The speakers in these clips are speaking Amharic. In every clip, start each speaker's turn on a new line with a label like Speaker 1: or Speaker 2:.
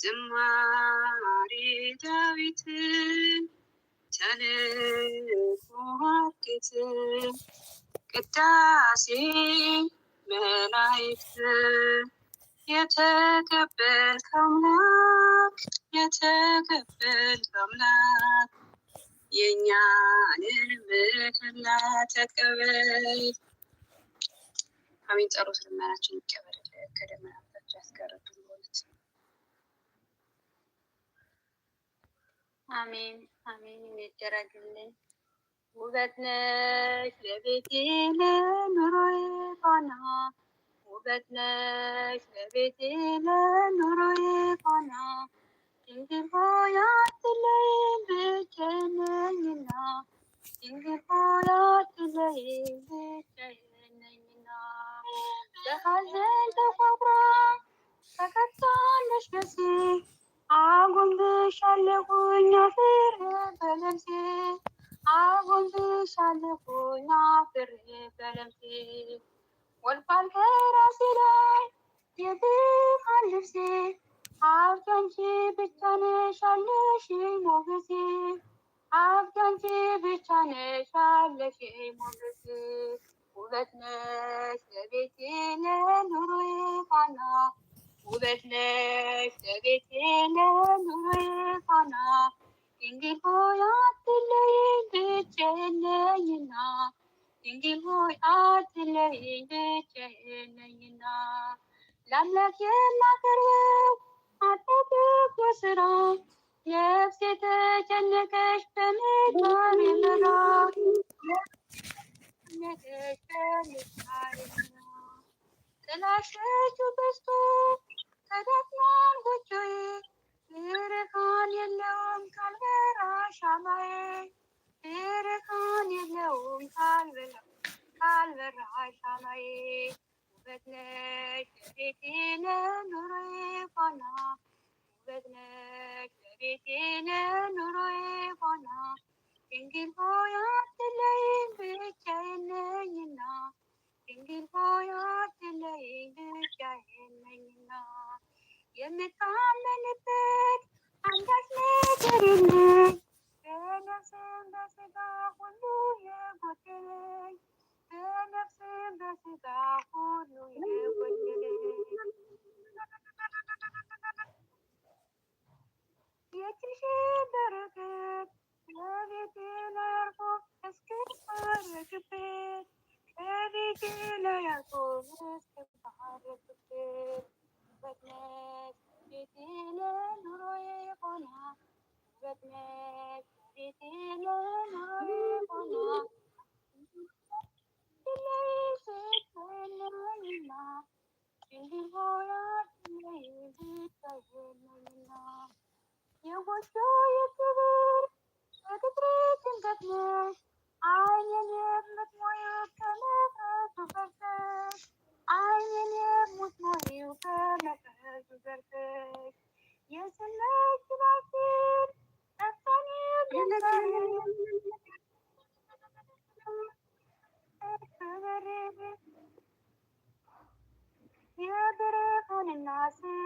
Speaker 1: ዝማሬ ዳዊት ተልእኮ ሃርኬት ቅዳሴ መላእክት የተቀበልክ አምላክ የተቀበልክ አምላክ የእኛንን ምሕላ ተቀበል። አሜን። ጸሎት ልመናችን ይቀበል። ከደመና በታች ያስቀርብን Amin. Amin. nuru وبدناك لبيتينا نريقنا وبدناك nuru نريقنا Şimdi hayat dileğimi cenenina Şimdi hayat dileğimi cenenina Ve hazelde kavram Fakat tanış mesih አጎንብሻለሁኝ አፍሬ በለምሴ አጎንብሻለሁኝ አፍሬ በለምሴ ወልቋል ከራሴ ላይ የብርሃን ልብሴ አብጊ አንቺ ብቻ ነሽ ያለሽኝ ሞገሴ አብጊ ብቻ ነሽ ያለሽኝ ሞገሴ ውበት ነሽ ለቤቴ ለኑሮዬ ቃና ውበት ነሽ eyle bana. Dindi hayat dileğiyle çeneyina. Dindi hayat dileğiyle çeneyina. Lam lak lakırı atı kusra. Nefsi de cennet eşbemi tarimera. Cennet eşbemi tarimera. Telaşa şu bestu Gönlük kalbini pek, ancak ne derinlik. Nefsimde silah kulluya götürek. Nefsimde silah kulluya götürek. Yetişir bereket, Evitine yarkov, eski sarı küpet. Evitine yarkov, eski sarı küpet. गजनेश प्रीति ले नुरोए कोना गजनेश प्रीति ले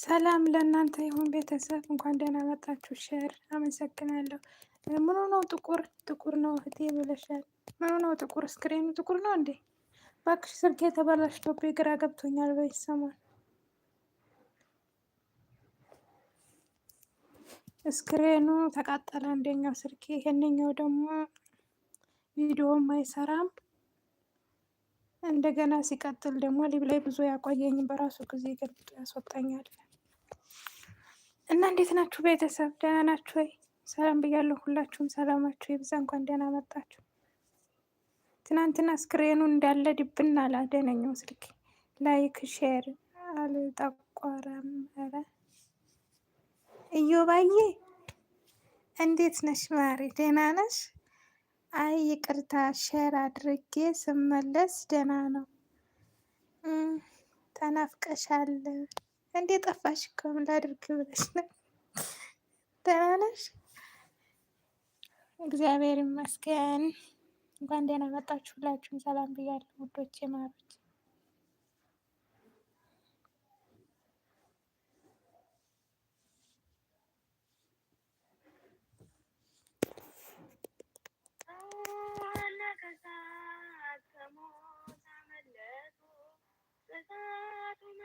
Speaker 2: ሰላም ለእናንተ ይሁን ቤተሰብ፣ እንኳን ደህና መጣችሁ። ሸር አመሰግናለሁ። ምኑ ነው ጥቁር ጥቁር ነው እህቴ ብለሻል። ምኑ ነው ጥቁር? እስክሪኑ ጥቁር ነው እንዴ? እባክሽ ስልኬ የተበላሽቶብኝ ግራ ገብቶኛል። በይሰማል እስክሪኑ ተቃጠለ አንደኛው ስልኬ ይሄንኛው ደግሞ ቪዲዮም አይሰራም። እንደገና ሲቀጥል ደግሞ ሊብ ላይ ብዙ ያቆየኝ በራሱ ጊዜ ገልብጦ ያስወጣኛል። እና እንዴት ናችሁ ቤተሰብ? ደህና ናችሁ ወይ? ሰላም ብያለሁ። ሁላችሁም ሰላማችሁ ይብዛ። እንኳን ደህና መጣችሁ። ትናንትና ስክሬኑ እንዳለ ድብን አላደነኝም። ስልክ ላይክ ሼር አልጠቆረም። ረ እዮባዬ እንዴት ነሽ ማሪ ደህና ነሽ? አይ ይቅርታ ሼር አድርጌ ስመለስ ደህና ነው። ተናፍቀሻል እንዴ ጠፋሽ እኮ ምን ላድርግ ብለሽ ነው? ደህና ነሽ? እግዚአብሔር ይመስገን። እንኳን ደህና መጣችሁ። ሁላችሁም ሰላም ብያለሁ ውዶች የማሩት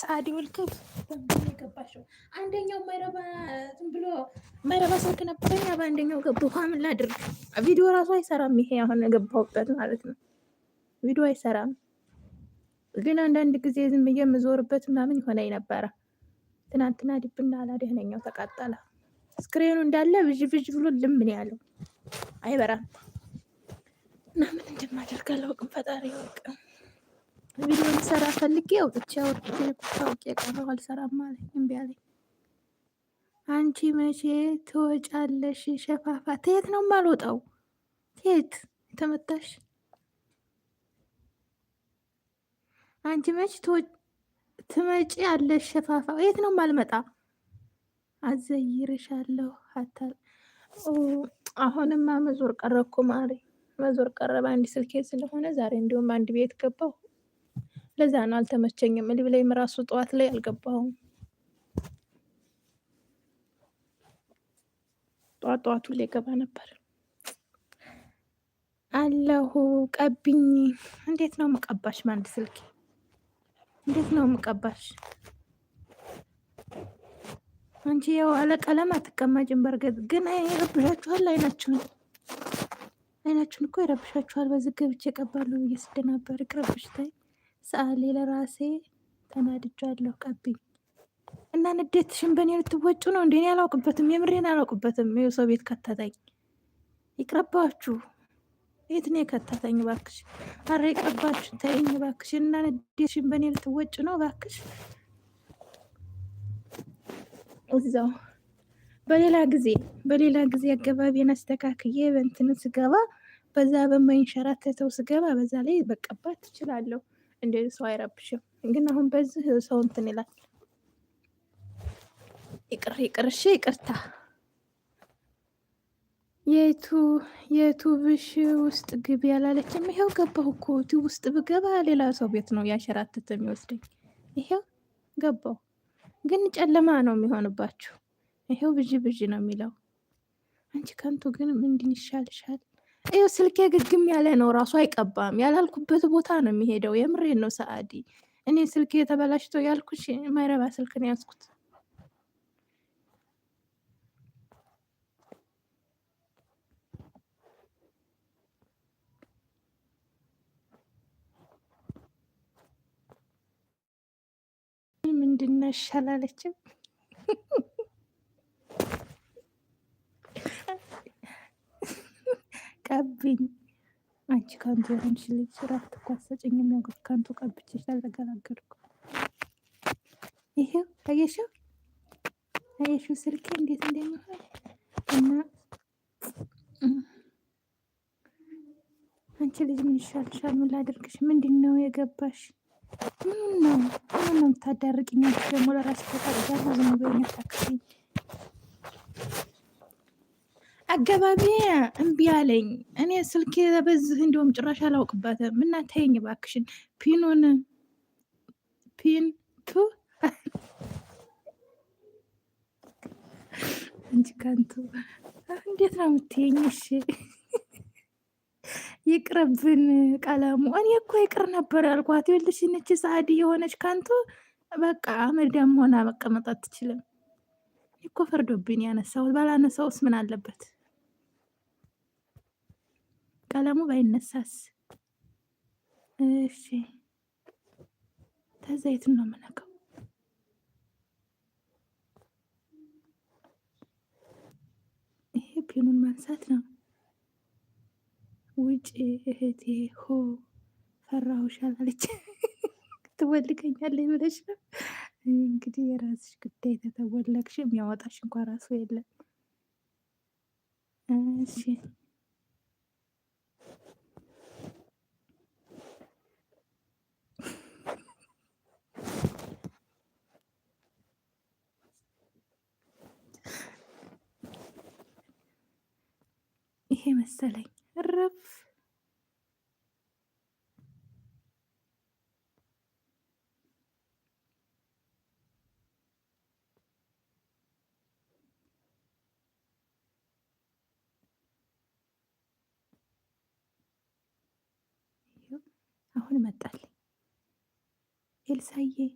Speaker 2: ሰአዲ ውልክፍ የገባቸው አንደኛው መረባ ዝም ብሎ መረባ ስልክ ነበረኛ። በአንደኛው ገቡ። ምን ላድርግ? ቪዲዮ ራሱ አይሰራም። ይሄ አሁን የገባሁበት ማለት ነው። ቪዲዮ አይሰራም፣ ግን አንዳንድ ጊዜ ዝም ብዬ የምዞርበት ምናምን ይሆነኝ ነበረ። ትናንትና ዲብና ደህነኛው ተቃጠለ። ስክሪኑ እንዳለ ብዥ ብዥ ብሎ ልምን ያለው አይበራም። እና ምን እንደማደርግ አላውቅም። ፈጣሪ ያውቅ። ቪዲዮ ልሰራ ፈልጌ አውጥቼ አውጥቼ ቁጣውቅ የቀረው አልሰራም አለኝ። እምቢ አለኝ። አንቺ መቼ ትወጫለሽ? ሸፋፋ ተየት ነው የማልወጣው? ትየት የተመታሽ አንቺ መች ትመጪ አለሽ? ሸፋፋ የት ነው የማልመጣ? አዘይርሻለሁ አታል አሁንማ መዞር ቀረ እኮ ማሪ፣ መዞር ቀረ በአንድ ስልኬ ስለሆነ ዛሬ እንዲሁም አንድ ቤት ገባው ለዛ ነው አልተመቸኝም። ልብ ላይ ራሱ ጠዋት ላይ አልገባሁም። ጠዋት ጠዋቱ ላይ ገባ ነበር አለሁ። ቀብኝ። እንዴት ነው መቀባሽ? ማንድ ስልክ እንዴት ነው መቀባሽ? አንቺ ያው አለ ቀለም አትቀማጭም። በርገጥ ግን ይረብሻችኋል። አይናችሁን አይናችሁን እኮ ይረብሻችኋል። በዚህ ገብቼ ቀባሉ ብዬ ስደናበር ቅረብሽታይ ሰዓሊ ለራሴ ተናድጃለሁ። ቀብኝ እና ንዴትሽን በእኔ ልትወጩ ነው እንዴ? እኔ አላውቅበትም፣ የምሬን አላውቅበትም። ይኸው ሰው ቤት ከተተኝ ይቅረባችሁ። የት ነው የከተተኝ? እባክሽ አረ ይቅረባችሁ፣ ተይኝ እባክሽ። እና ንዴትሽን በእኔ ልትወጭ ነው? እባክሽ እዛው በሌላ ጊዜ በሌላ ጊዜ አገባቤን አስተካክዬ በእንትን ስገባ በዛ በማይንሸራተተው ስገባ በዛ ላይ በቀባት ትችላለሁ። እንዴ ሰው አይረብሽም። ግን አሁን በዚህ ሰው እንትን ይላል። ይቅር ይቅርሽ ይቅርታ። የቱ የቱብሽ ውስጥ ግቢ ያላለችም። ይሄው ገባሁ እኮ ቲዩብ ውስጥ ብገባ ሌላ ሰው ቤት ነው ያሸራተተ የሚወስደኝ። ይሄው ገባሁ፣ ግን ጨለማ ነው የሚሆንባችሁ። ይሄው ብዥ ብዥ ነው የሚለው። አንቺ ከንቱ ግን ምንድን ይሻልሻል? ይኸው ስልኬ ግግም ያለ ነው ራሱ አይቀባም። ያላልኩበት ቦታ ነው የሚሄደው። የምሬን ነው ሰአዲ። እኔ ስልኬ የተበላሽቶ ያልኩሽ ማይረባ ስልክ ነው ያዝኩት። ምንድነው ይሻላለችም ቀብኝ አንቺ ከንቱ የሆንሽ ልጅ እረፍት እኮ አትሰጭኝም። ያው ከንቱ ቀብቼሽ አልተገላገልኩም። ይሄው አየሽው፣ አየሽው ስልኬ እንዴት እንደሚሆን እና አንቺ ልጅ ምን ይሻልሻል? ምን ላደርግሽ? ምንድን ነው የገባሽ? ምን ነው ምን ነው የምታዳርቅኝ? ደግሞ ለራስ ተጣጣ ዝም ብሎ አገባቢ እምቢ አለኝ። እኔ ስልክ በዝህ እንዲሁም ጭራሽ አላውቅበትም። እና ተይኝ እባክሽን ፒኑን ፒን ቱ እንጂ ከንቱ እንዴት ነው የምትይኝ? እሺ ይቅርብን ቀለሙ። እኔ እኮ ይቅር ነበር ያልኳት። ይኸውልሽ ነች ሳዲ የሆነች ከንቱ በቃ አመዳም ሆና መቀመጥ አትችልም። እኮ ፈርዶብኝ ያነሳሁት ባላነሳውስ ምን አለበት? ቀለሙ ባይነሳስ? እሺ የትም ነው የምነካው። ይሄ ፒኑን ማንሳት ነው። ውጭ እህቴ ሆ ፈራሁሽ አላለች። ትወልቀኛለች ብለሽ ነው እንግዲህ የራስሽ ጉዳይ። ተተወለቅሽ የሚያወጣሽ እንኳን ራሱ የለም። እሺ ይሄ መሰለኝ እረፍ አሁን መጣል ኤልሳዬ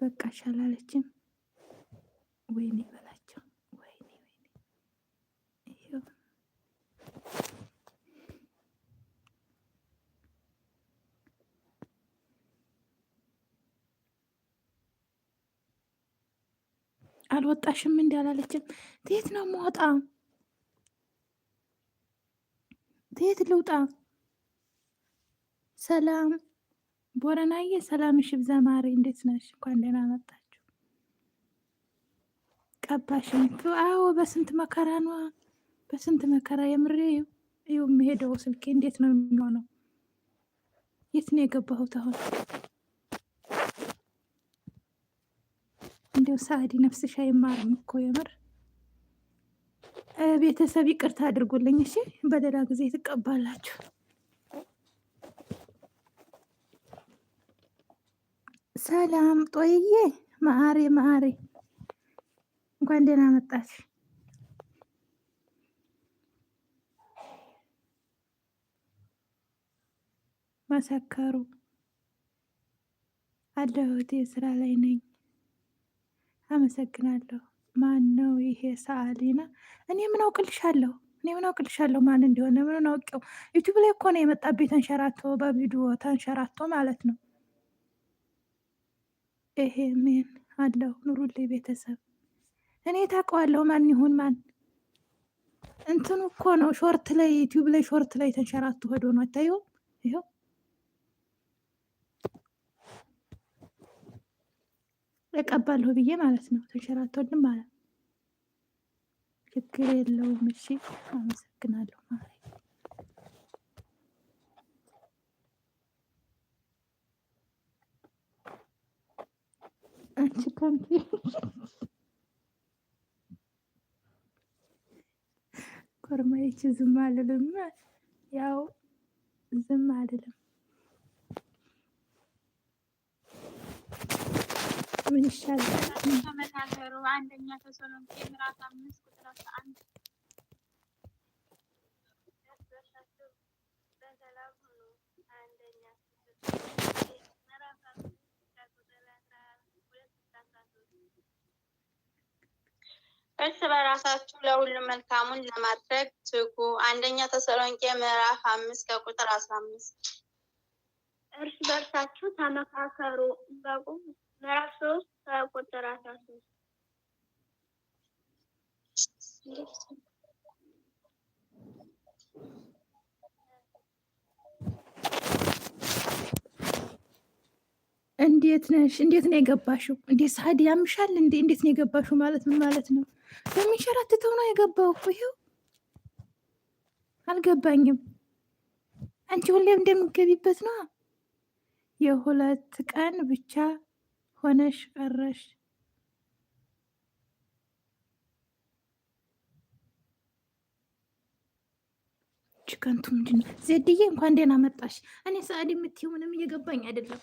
Speaker 2: በቃ ሻላለችም ወይኔ አልወጣሽም እንዲ አላለችም። ትየት ነው መወጣ? ትየት ልውጣ? ሰላም ቦረናዬ፣ ሰላም ሽብ ዘማሪ እንዴት ነሽ? እንኳን ደህና መጣችሁ። ቀባሽን? አዎ በስንት መከራ ነዋ፣ በስንት መከራ የምሬ ይኸው የምሄደው ስልኬ እንዴት ነው የሚሆነው? የት ነው የገባሁት አሁን? እንዲሁ ሳዕዲ ነፍስሽ አይማርም እኮ የምር ቤተሰብ ይቅርታ አድርጉልኝ። እሺ በሌላ ጊዜ ትቀባላችሁ። ሰላም ጦይዬ፣ ማአሬ ማአሬ፣ እንኳን ደህና መጣች መሰከሩ አለሁት፣ ስራ ላይ ነኝ። አመሰግናለሁ። ማን ነው ይሄ ሰዓሊና? እኔ ምን አውቅልሻለሁ? እኔ ምን አውቅልሻለሁ ማን እንደሆነ ምን አውቀው? ዩቲዩብ ላይ እኮ ነው የመጣብኝ ተንሸራቶ፣ በቪዲዮ ተንሸራቶ ማለት ነው። ይሄ ምን አለው? ኑሩልኝ ቤተሰብ። እኔ ታውቀዋለሁ ማን ይሁን ማን። እንትኑ እኮ ነው ሾርት ላይ ዩቲዩብ ላይ ሾርት ላይ ተንሸራቶ ሄዶ ነው አይታየውም? ይኸው እቀባለሁ ብዬ ማለት ነው። ተንሸራቶልም ማለት ችግር የለውም። እሺ አመሰግናለሁ አንቺ ከንቲ ኮርማይች ዝም አልልም፣ ያው ዝም አልልም። ምን ይሻላል? ተመካከሩ። አንደኛ ተሰሎንቄ ምዕራፍ አምስት ቁጥር አስራ አንድ እርስ በራሳችሁ ለሁሉም መልካሙን ለማድረግ ትጉ። አንደኛ ተሰሎንቄ ምዕራፍ አምስት ከቁጥር አስራ አምስት እርስ በርሳችሁ ተመካከሩ በቁም ምዕራፍ ሶስት ቁጥር አስራ ሶስት እንዴት ነሽ? እንዴት ነው የገባሽው? እንዴት ሳዲ ያምሻል? እንዴት ነው የገባሽው ማለት ምን ማለት ነው? በሚንሸራትተው ነው የገባው። ይኸው አልገባኝም። አንቺ ሁሌም እንደምገቢበት ነው። የሁለት ቀን ብቻ ሆነሽ ቀረሽ። ችከንቱ ምንድን ነው? ዜድዬ እንኳን ደህና መጣሽ። እኔ ሰአድ የምትይው ምንም እየገባኝ አይደለም።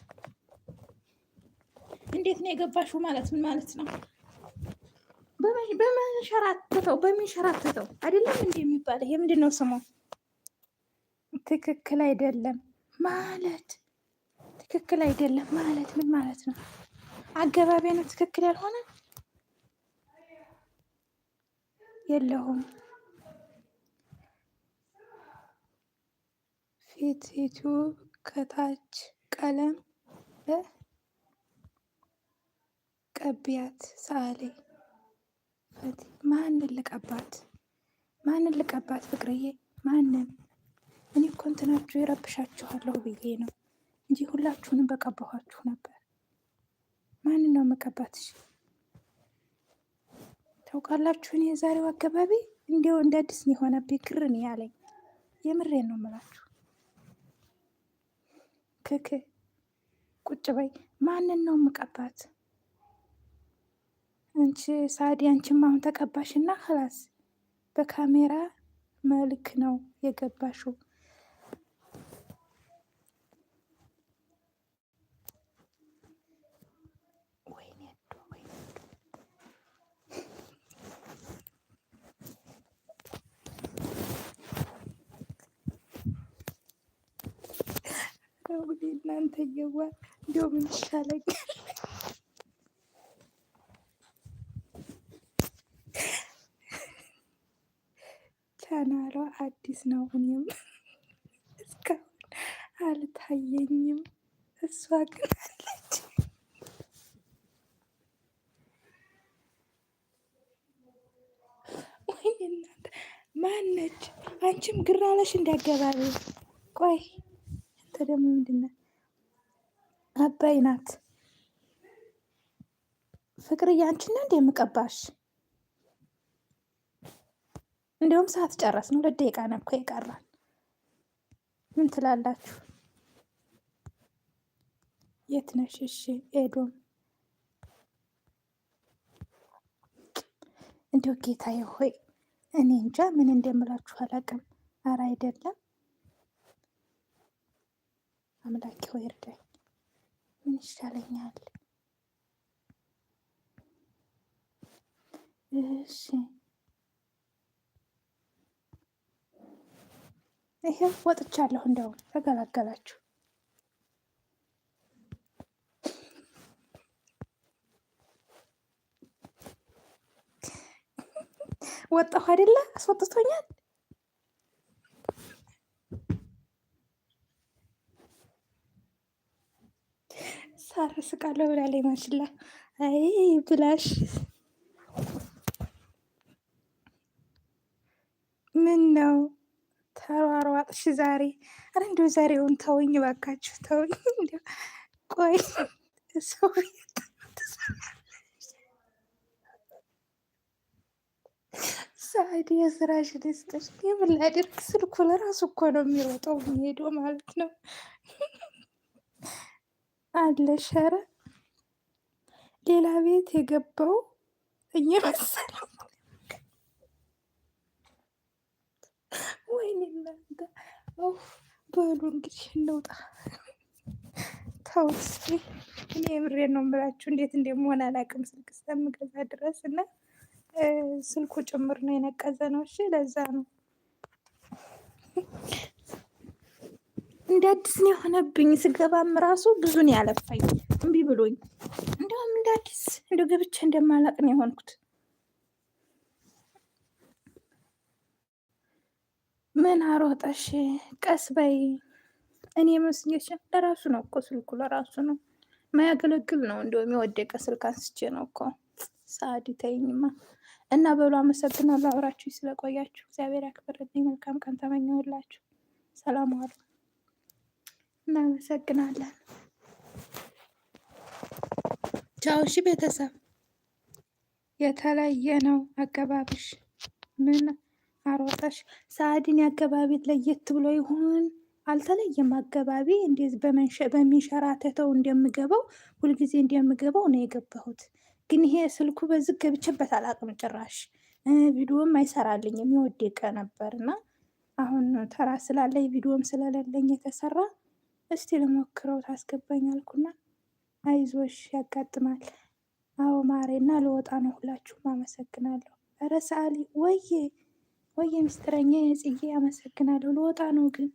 Speaker 2: እንዴት ነው የገባሽው? ማለት ምን ማለት ነው? በመንሸራተተው በሚንሸራተተው አይደለም እንዲ የሚባለው የምንድን ነው ስሙ? ትክክል አይደለም ማለት ትክክል አይደለም ማለት ምን ማለት ነው? አገባቢ ነው ትክክል ያልሆነ የለሁም። ፊትቱ ከታች ቀለም ቀቢያት ሰዓሊ ፈቲ ማንን ልቀባት? ማንን ልቀባት? ፍቅርዬ ማንን? እኔ እኮ እንትናችሁ ይረብሻችኋለሁ ብዬ ነው እንጂ ሁላችሁንም በቀባኋችሁ ነበር። ማን ነው መቀባትሽ? ታውቃላችሁ፣ እኔ የዛሬው አካባቢ እንዲያው እንደ አዲስ ነው የሆነብኝ። ክርን ያለኝ የምሬ ነው የምላችሁ። ክክ ቁጭ በይ። ማንን ነው መቀባት? አንቺ ሳዲ፣ አንቺም አሁን ተቀባሽና ክላስ በካሜራ መልክ ነው የገባሽው። እናንተ እየዋል እንዲያው ምን ይሻለኛል? ቻናሏ አዲስ ነው። እኔም እስካሁን አልታየኝም። እሷ ግን አለች። ወይ እናንተ ማነች? አንቺም ግራ አለሽ ቆይ አንተ ደግሞ ምንድን አባይ ናት። ፍቅርዬ አንቺን ነው እንደ የምቀባሽ? እንዲሁም ሰዓት ጨረስ ነው። ሁለት ደቂቃ ነው እኮ የቀራል። ምን ትላላችሁ? የት ነሽ? እሺ ኤዶም እንዲሁ ጌታዬ ሆይ እኔ እንጃ ምን እንደምላችሁ አላውቅም። አረ አይደለም አምላኬ ሆይ እርዳኝ። ምን ይሻለኛል? እሺ ይሄው ወጥቻለሁ። እንደውም ተገላገላችሁ። ወጣሁ አይደለ? አስወጥቶኛል። ሳር ስቃለሁ ብላ ላይ አይ ብላሽ ምን ነው ተሯሯጥሽ ዛሬ? አረ እንዲሁ ዛሬውን ተውኝ ባካችሁ ተውኝ። ቆይ ሰው ሰዓዲ የስራሽ ደስጠሽ የምን ላድርግ? ስልኩ ለራሱ እኮ ነው የሚሮጠው የሚሄደው ማለት ነው። አለሽ። ኧረ ሌላ ቤት የገባው እየመሰለው ወይኔ እናንተ በሉ እንግዲህ እንውጣ። ታውስ እኔ ብሬ ነው የምላችሁ። እንዴት እንደምሆን አላውቅም ስልክ እስከምገዛ ድረስ እና ስልኩ ጭምር ነው የነቀዘ ነው። እሺ ለዛ ነው እንደ አዲስ ነው የሆነብኝ። ስገባም ራሱ ብዙ ነው ያለፋኝ፣ እምቢ ብሎኝ እንደውም እንደ አዲስ እንደ ገብቼ እንደማላቅ ነው የሆንኩት። ምን አሮጠሽ? ቀስ በይ። እኔ መስጌሽ ለራሱ ነው እኮ ስልኩ ለራሱ ነው ማያገለግል ነው። እንደውም የወደቀ ስልክ አንስቼ ነው እኮ ሳዲ ተይኝማ እና በሉ አመሰግናለሁ፣ አብራችሁ ስለቆያችሁ እግዚአብሔር ያክብርልኝ። መልካም ቀን ተመኘሁላችሁ። ሰላም አሉ። እናመሰግናለን። ቻው። እሺ ቤተሰብ፣ የተለየ ነው አገባብሽ። ምን አሮጠሽ ሰአዲን? አገባቢ ለየት ብሎ ይሆን? አልተለየም። አገባቢ እንዴት በሚንሸራተተው እንደምገባው ሁልጊዜ እንደምገባው ነው የገባሁት። ግን ይሄ ስልኩ በዝግ ገብቼበት አላቅም ጭራሽ ቪዲዮም አይሰራልኝም የወደቀ ነበር እና አሁን ተራ ስላለኝ ቪዲዮም ስለሌለኝ የተሰራ እስቲ ልሞክረው ታስገባኝ አልኩና አይዞሽ ያጋጥማል። አዎ ማሬ እና ልወጣ ነው። ሁላችሁም አመሰግናለሁ። እረ ሰአሊ ወዬ ወዬ ምስጢረኛ የጽጌ አመሰግናለሁ። ልወጣ ነው ግን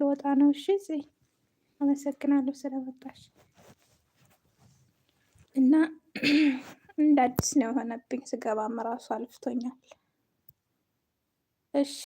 Speaker 2: ልወጣ ነው። እሺ ጽ አመሰግናለሁ ስለመጣሽ እና እንደ አዲስ ነው የሆነብኝ። ስገባም ራሱ አልፍቶኛል። እሺ